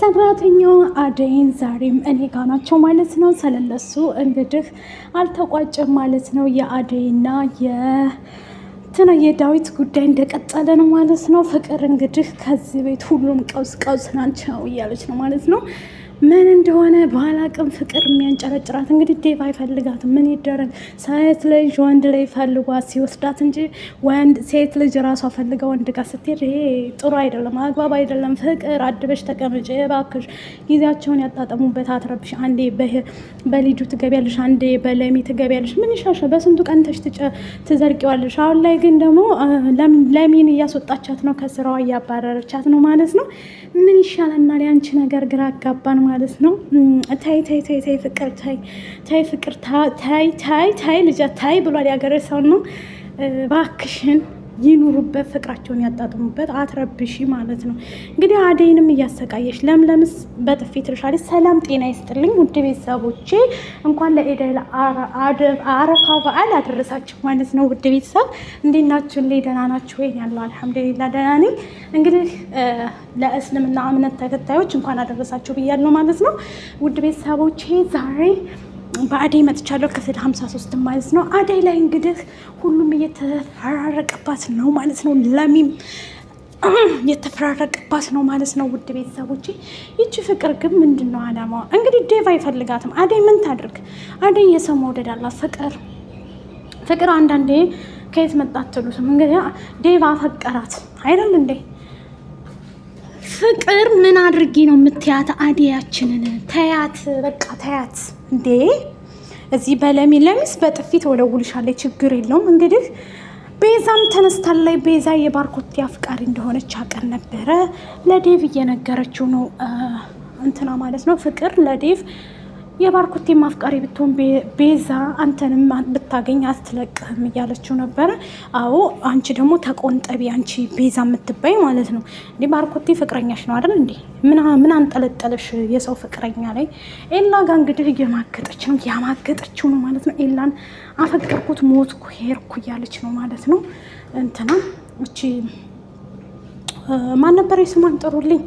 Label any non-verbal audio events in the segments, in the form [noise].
ሰራተኛዋ አደይን ዛሬም እኔ ጋ ናቸው ማለት ነው። ስለለሱ እንግዲህ አልተቋጨም ማለት ነው። የአደይና የእንትና የዳዊት ጉዳይ እንደቀጠለ ነው ማለት ነው። ፍቅር እንግዲህ ከዚህ ቤት ሁሉም ቀውስ ቀውስ ናቸው እያለች ነው ማለት ነው። ምን እንደሆነ በኋላ ቅም ፍቅር የሚያንጨረጭራት እንግዲህ ዴቭ አይፈልጋትም። ምን ይደረግ ሴት ልጅ ወንድ ላይ ፈልጓት ሲወስዳት እንጂ ወንድ ሴት ልጅ ራሷ ፈልገ ወንድ ጋር ስትሄድ ይሄ ጥሩ አይደለም፣ አግባብ አይደለም። ፍቅር አድበሽ ተቀመጭ እባክሽ። ጊዜያቸውን ያጣጠሙበት አትረብሽ። አንዴ በልጁ ትገቢያለሽ፣ አንዴ በለሚ ትገቢያለሽ። ምን ይሻሻል? በስንቱ ቀንተሽ ትዘርቂዋለሽ። አሁን ላይ ግን ደግሞ ለሚን እያስወጣቻት ነው፣ ከስራዋ እያባረረቻት ነው ማለት ነው። ምን ይሻለናል? ያንቺ ነገር ግራ አጋባን ማለት ማለት ነው። ታይ ታይ ታይ ታይ ፍቅር ታይ ታይ ፍቅር ታይ ታይ ታይ ልጃ ታይ ብሏል። ያገረ ነው። እባክሽን ይኑሩበት፣ ፍቅራቸውን ያጣጥሙበት፣ አትረብሺ ማለት ነው። እንግዲህ አደይንም እያሰቃየች ለምለምስ በጥፊ ትልሻለች። ሰላም ጤና ይስጥልኝ ውድ ቤተሰቦቼ፣ እንኳን ለኢደል አረፋ በዓል አደረሳችሁ ማለት ነው። ውድ ቤተሰብ እንዴት ናችሁ? እንዴ ደህና ናችሁ ወይ? ያለው አልሐምዱሊላ ደህና ነኝ። እንግዲህ ለእስልምና እምነት ተከታዮች እንኳን አደረሳችሁ ብያለሁ ማለት ነው። ውድ ቤተሰቦቼ ዛሬ በአደይ መጥቻለሁ ክፍል 53 ማለት ነው። አደይ ላይ እንግዲህ ሁሉም እየተፈራረቀባት ነው ማለት ነው። ለሚም [clears throat] የተፈራረቀባት ነው ማለት ነው። ውድ ቤተሰቦች ይቺ ፍቅር ግን ምንድን ነው አላማዋ? እንግዲህ ዴቭ አይፈልጋትም። አደይ ምን ታድርግ? አደይ የሰው መውደድ አላት። ፍቅር ፍቅር አንዳንዴ ከየት መጣት ትሉትም እንግዲህ ዴቭ አፈቀራት አይደል እንዴ ፍቅር ምን አድርጊ ነው የምትያት? አደያችንን ተያት፣ በቃ ተያት። እንዴ እዚህ በለሚ ለሚስ በጥፊት ወለውልሻለች። ችግር የለውም እንግዲህ ቤዛም ተነስታል ላይ ቤዛ የባርኮት አፍቃሪ እንደሆነች አቀን ነበረ ለዴቭ እየነገረችው ነው እንትና ማለት ነው ፍቅር ለዴቭ የባርኮቴ ማፍቃሪ ብትሆን ቤዛ አንተንም ብታገኝ አትለቅህም እያለችው ነበረ። አዎ አንቺ ደግሞ ተቆንጠቢ፣ አንቺ ቤዛ የምትባይ ማለት ነው እንዲህ ባርኮቴ ፍቅረኛሽ ነው አይደል እንዴ? ምን አንጠለጠለሽ የሰው ፍቅረኛ ላይ? ኤላ ጋ እንግዲህ እየማገጠች ነው፣ ያማገጠችው ነው ማለት ነው። ኤላን አፈቀርኩት፣ ሞትኩ፣ ሄርኩ እያለች ነው ማለት ነው። እንትና እቺ ማን ነበር የስሟን ጥሩልኝ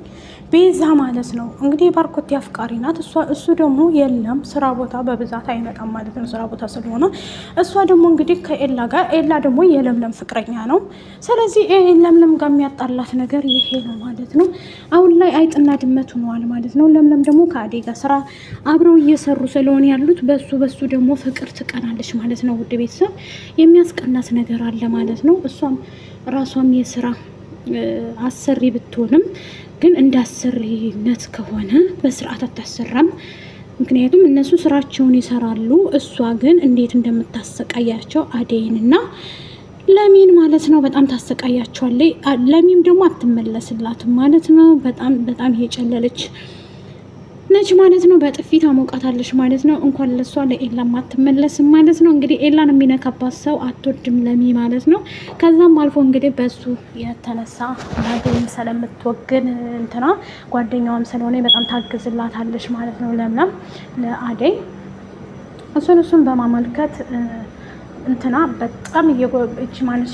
ቤዛ ማለት ነው እንግዲህ ባርኮቴ አፍቃሪ ናት። እሱ ደግሞ የለም ስራ ቦታ በብዛት አይመጣም ማለት ነው ስራ ቦታ ስለሆነ፣ እሷ ደግሞ እንግዲህ ከኤላ ጋር ኤላ ደግሞ የለምለም ፍቅረኛ ነው። ስለዚህ ለምለም ጋር የሚያጣላት ነገር ይሄ ነው ማለት ነው። አሁን ላይ አይጥና ድመት ሆነዋል ማለት ነው። ለምለም ደግሞ ከአዴ ጋር ስራ አብረው እየሰሩ ስለሆነ ያሉት በሱ በሱ ደግሞ ፍቅር ትቀናለች ማለት ነው። ውድ ቤተሰብ የሚያስቀናት ነገር አለ ማለት ነው። እሷም ራሷም የስራ አሰሪ ብትሆንም ግን እንደ አሰሪነት ከሆነ በስርዓት አታሰራም። ምክንያቱም እነሱ ስራቸውን ይሰራሉ። እሷ ግን እንዴት እንደምታሰቃያቸው አደይንና ለሚን ማለት ነው። በጣም ታሰቃያቸዋለች። ለሚም ደግሞ አትመለስላትም ማለት ነው። በጣም በጣም እየጨለለች ነች ማለት ነው። በጥፊት አሞቃታለች ማለት ነው። እንኳን ለሷ ለኤላም አትመለስም ማለት ነው። እንግዲህ ኤላን የሚነካባት ሰው አትወድም ለሚ ማለት ነው። ከዛም አልፎ እንግዲህ በሱ የተነሳ ናገኝ ስለምትወግን እንትና ጓደኛዋም ስለሆነ በጣም ታግዝላታለች ማለት ነው። ለምለም ለአደይ እሱን እሱን በማመልከት እንትና በጣም እየጎበች ማለት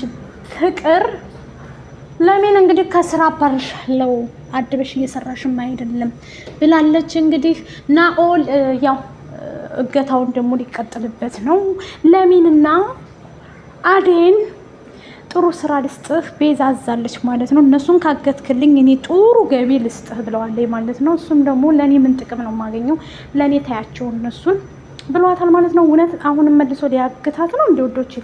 ፍቅር ለሚን እንግዲህ ከስራ አባርሻለሁ አድበሽ እየሰራሽም አይደለም ብላለች። እንግዲህ ናኦል ያው እገታውን ደግሞ ሊቀጥልበት ነው። ለሚንና አዴን ጥሩ ስራ ልስጥህ ቤዛ አዛለች ማለት ነው። እነሱን ካገትክልኝ እኔ ጥሩ ገቢ ልስጥህ ብለዋለች ማለት ነው። እሱም ደግሞ ለእኔ ምን ጥቅም ነው የማገኘው? ለእኔ ታያቸው እነሱን ብለዋታል ማለት ነው። እውነት አሁንም መልሶ ሊያግታት ነው እንደ ወዶች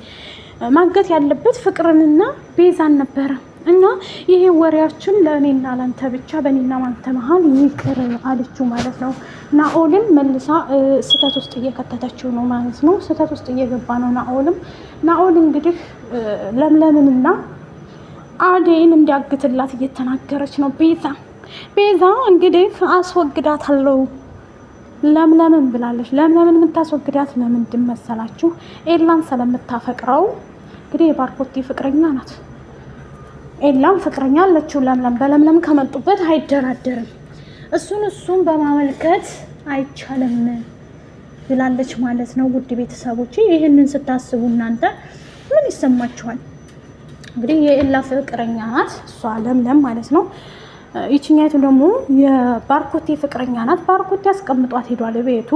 ማገት ያለበት ፍቅርንና ቤዛን ነበረ። እና ይሄ ወሬያችን ለእኔና ለንተ ብቻ በእኔና ማንተ መሀል ይቅር አለችው ማለት ነው። ናኦልን መልሳ ስህተት ውስጥ እየከተተችው ነው ማለት ነው። ስህተት ውስጥ እየገባ ነው ናኦልም። ናኦል እንግዲህ ለምለምንና አደይን እንዲያግትላት እየተናገረች ነው። ቤዛ ቤዛ እንግዲህ አስወግዳታለሁ ለምለምን ብላለች። ለምለምን የምታስወግዳት ለምንድን መሰላችሁ? ኤላን ስለምታፈቅረው እንግዲህ የባርኮቴ ፍቅረኛ ናት ኤላም ፍቅረኛ አለችው ለምለም። በለምለም ከመጡበት አይደራደርም። እሱን እሱን በማመልከት አይቻልም ብላለች ማለት ነው። ውድ ቤተሰቦች ይህንን ስታስቡ እናንተ ምን ይሰማችኋል? እንግዲህ የኤላ ፍቅረኛ ናት እሷ ለምለም ማለት ነው። ይችኛይቱ ደግሞ የባርኮቴ ፍቅረኛ ናት። ባርኮቴ አስቀምጧት ሄዷል ቤቱ።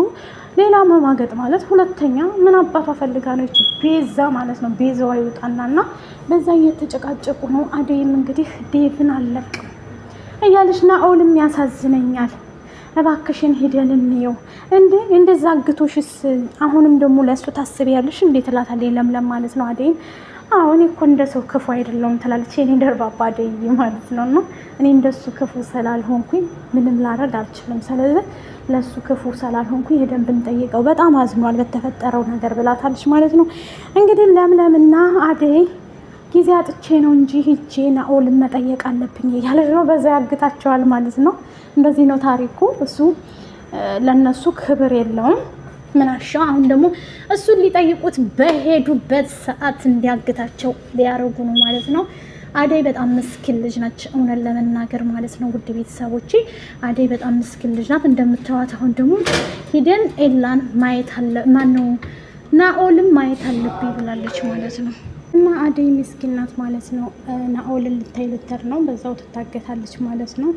ሌላ መማገጥ ማለት ሁለተኛ ምን አባቷ ፈልጋ ነው ቤዛ ማለት ነው። ቤዛዋ ይውጣና እና በዛ እየተጨቃጨቁ ነው። አደይም እንግዲህ ዴቭን አለቅም እያለች ናኦልም ያሳዝነኛል እባክሽን ሂደን እንየው እንዴ እንደዛ አግቶሽስ አሁንም ደግሞ ለእሱ ታስቢያለሽ እንዴት እላታለች ለምለም ማለት ነው አደይም አሁን እኮ እንደ ሰው ክፉ አይደለሁም ትላለች። እኔ ደርባባ አደይ ማለት ነው እና እኔ እንደሱ ክፉ ስላልሆንኩኝ ምንም ላረግ አልችልም። ስለዚህ ለሱ ክፉ ስላልሆንኩኝ ሄደን ብንጠይቀው በጣም አዝኗል በተፈጠረው ነገር ብላታለች ማለት ነው። እንግዲህ ለምለምና አደይ ጊዜ አጥቼ ነው እንጂ ሂጄ ናኦልን መጠየቅ አለብኝ እያለች ነው። በዛ ያግታቸዋል ማለት ነው። እንደዚህ ነው ታሪኩ። እሱ ለእነሱ ክብር የለውም። ምናሻው አሁን ደግሞ እሱን ሊጠይቁት በሄዱበት ሰዓት እንዲያግታቸው ሊያደርጉ ነው ማለት ነው። አደይ በጣም ምስኪን ልጅ ናች፣ እውነት ለመናገር ማለት ነው። ውድ ቤተሰቦች አደይ በጣም ምስኪን ልጅ ናት እንደምታዋት። አሁን ደግሞ ሂደን ኤላን ማየት አለ ማነው ናኦልም ማየት አለብኝ ብላለች ማለት ነው። እና አደይ ምስኪናት ማለት ነው። ናኦልን ልታይ ልተር ነው በዛው ትታገታለች ማለት ነው።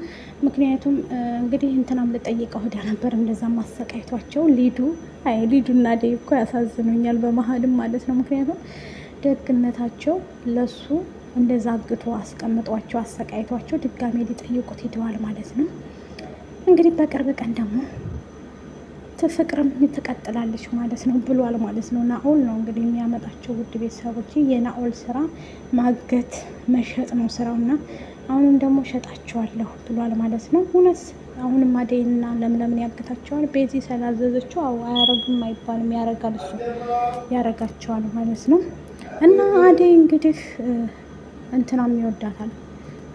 ምክንያቱም እንግዲህ እንትናም ልጠይቀው ሄዳ ነበር እንደዛ ማሰቃየቷቸው ሊዱ አይ ሊዱ እና አደይ እኮ ያሳዝኑኛል በመሀልም ማለት ነው። ምክንያቱም ደግነታቸው ለሱ እንደዛ አግቶ አስቀምጧቸው አሰቃይቷቸው ድጋሜ ሊጠይቁት ሂደዋል ማለት ነው። እንግዲህ በቅርብ ቀን ደግሞ ፍቅርም ትቀጥላለች ማለት ነው ብሏል ማለት ነው። ናኦል ነው እንግዲህ የሚያመጣቸው ውድ ቤተሰቦች፣ የናኦል ስራ ማገት መሸጥ ነው እና አሁንም ደግሞ ሸጣቸዋለሁ ብሏል ማለት ነው። እውነት አሁንም አደይና ለምለምን ያግታቸዋል። ቤዚ ስላዘዘችው አዎ አያረግም አይባልም፣ ያረጋል፣ እሱ ያረጋቸዋል ማለት ነው። እና አደይ እንግዲህ እንትናም ይወዳታል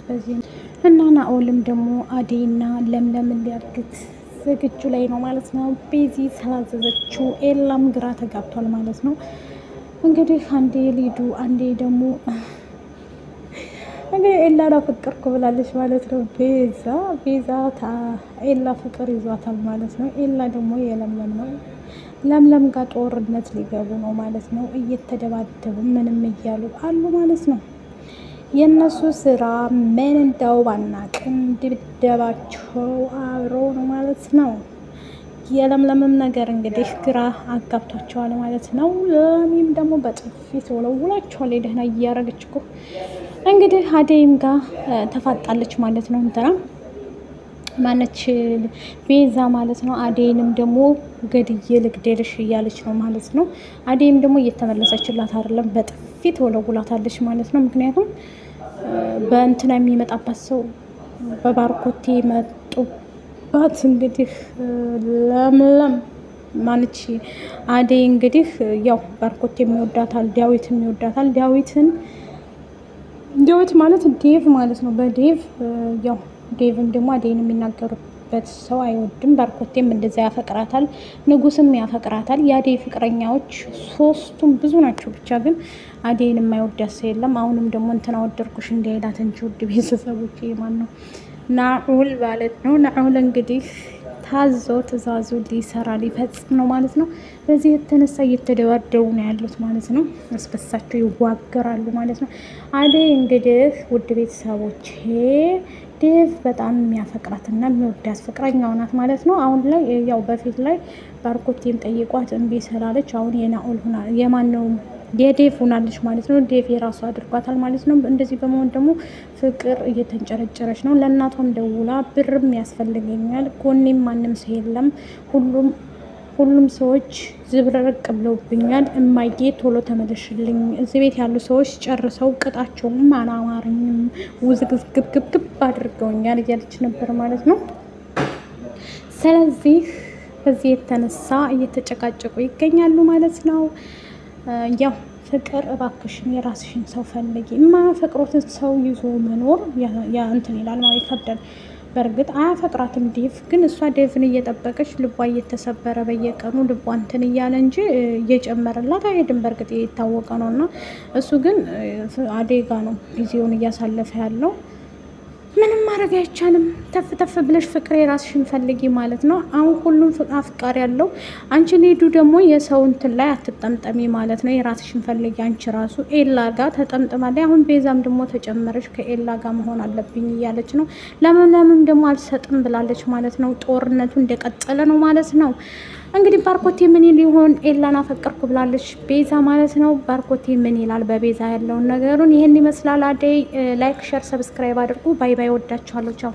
በዚህ እና ናኦልም ደግሞ አደይና ለምለምን ሊያግት ዝግጁ ላይ ነው ማለት ነው። ቤዚ ስላዘዘችው ኤላም ግራ ተጋብቷል ማለት ነው። እንግዲህ አንዴ ሊዱ አንዴ ደግሞ እንግዲህ ኤላ ላፈቀርኩ ብላለች ማለት ነው። ቤዛ ቤዛ ኤላ ፍቅር ይዟታል ማለት ነው። ኤላ ደግሞ የለምለም ነው። ለምለም ጋር ጦርነት ሊገቡ ነው ማለት ነው። እየተደባደቡ ምንም እያሉ አሉ ማለት ነው። የእነሱ ስራ ምን እንደው ባናቅም ድብደባቸው አብሮ ነው ማለት ነው። የለምለምም ነገር እንግዲህ ግራ አጋብቷቸዋል ማለት ነው። ለሚም ደግሞ በጥፊ ትወለውላቸዋል። ደህና እያረገች እኮ እንግዲህ አደይም ጋር ተፋጣለች ማለት ነው። እንትና ማነች ቤዛ ማለት ነው። አደይንም ደግሞ ገድዬ ልግደልሽ እያለች ነው ማለት ነው። አደይም ደግሞ እየተመለሰችላት አይደለም፣ በጥፊ ትወለውላታለች ማለት ነው። ምክንያቱም በእንትና የሚመጣባት ሰው በባርኮቴ መጡባት። እንግዲህ ለምለም ማንቺ አደይ እንግዲህ ያው ባርኮቴ የሚወዳታል፣ ዳዊት የሚወዳታል። ዳዊትን ዳዊት ማለት ዴቭ ማለት ነው። በዴቭ ያው ዴቭም ደግሞ አደይን የሚናገሩት ያለበት ሰው አይወድም። ባርኮቴም እንደዚያ ያፈቅራታል፣ ንጉስም ያፈቅራታል። የአዴ ፍቅረኛዎች ሶስቱም ብዙ ናቸው። ብቻ ግን አዴን የማይወዳት ሰው የለም። አሁንም ደግሞ እንትና ወደድኩሽ እንዳይላት እንጂ ውድ ቤተሰቦች ማን ነው ናዑል ማለት ነው። ናዑል እንግዲህ ታዞ ትእዛዙ ሊሰራ ሊፈጽም ነው ማለት ነው። በዚህ የተነሳ እየተደባደቡ ነው ያሉት ማለት ነው። እስበሳቸው ይዋገራሉ ማለት ነው። አዴ እንግዲህ ውድ ቤተሰቦች ዴቭ በጣም የሚያፈቅራት እና የሚወዳት ፍቅረኛው ናት ማለት ነው። አሁን ላይ ያው በፊት ላይ ባርኮቴም ጠይቋት እምቢ ስላለች አሁን የናኦል የማን ነው የዴቭ ሆናለች ማለት ነው። ዴቭ የራሱ አድርጓታል ማለት ነው። እንደዚህ በመሆን ደግሞ ፍቅር እየተንጨረጨረች ነው። ለእናቷም ደውላ ብርም ያስፈልገኛል፣ ጎኔም ማንም ሰው የለም ሁሉም ሁሉም ሰዎች ዝብረረቅ ብለውብኛል። እማዬ ቶሎ ተመለሽልኝ። እዚህ ቤት ያሉ ሰዎች ጨርሰው ቅጣቸውም አላማረኝም፣ ውዝግብግብግብ አድርገውኛል እያለች ነበር ማለት ነው። ስለዚህ በዚህ የተነሳ እየተጨቃጨቁ ይገኛሉ ማለት ነው። ያው ፍቅር እባክሽን የራስሽን ሰው ፈልጊ። የማያፈቅሮትን ሰው ይዞ መኖር እንትን ይላል ማለት ይከብዳል። በእርግጥ አያፈቅራትም ዴቭ ግን እሷ ዴቭን እየጠበቀች ልቧ እየተሰበረ በየቀኑ ልቧ እንትን እያለ እንጂ እየጨመረላት አይሄድም። በእርግጥ የታወቀ ነው እና እሱ ግን አዴጋ ነው ጊዜውን እያሳለፈ ያለው ማድረግ አይቻልም። ተፍ ተፍ ብለሽ ፍቅር የራስሽን ፈልጊ ማለት ነው። አሁን ሁሉም አፍቃሪ ያለው አንቺ ሊዱ ደግሞ የሰው እንትን ላይ አትጠምጠሚ ማለት ነው። የራስሽን ፈልጊ አንቺ ራሱ ኤላ ጋ ተጠምጥማለች። አሁን ቤዛም ደግሞ ተጨመረች። ከኤላ ጋ መሆን አለብኝ እያለች ነው። ለምን ደግሞ አልሰጥም ብላለች ማለት ነው። ጦርነቱ እንደቀጠለ ነው ማለት ነው። እንግዲህ ባርኮቴ ምን ሊሆን ኤላን ፈቀርኩ ብላለች ቤዛ ማለት ነው። ባርኮቴ ምን ይላል በቤዛ ያለውን ነገሩን ይህን ይመስላል። አደይ ላይክ፣ ሸር፣ ሰብስክራይብ አድርጉ። ባይ ባይ። ወዳችኋለሁ። ቻው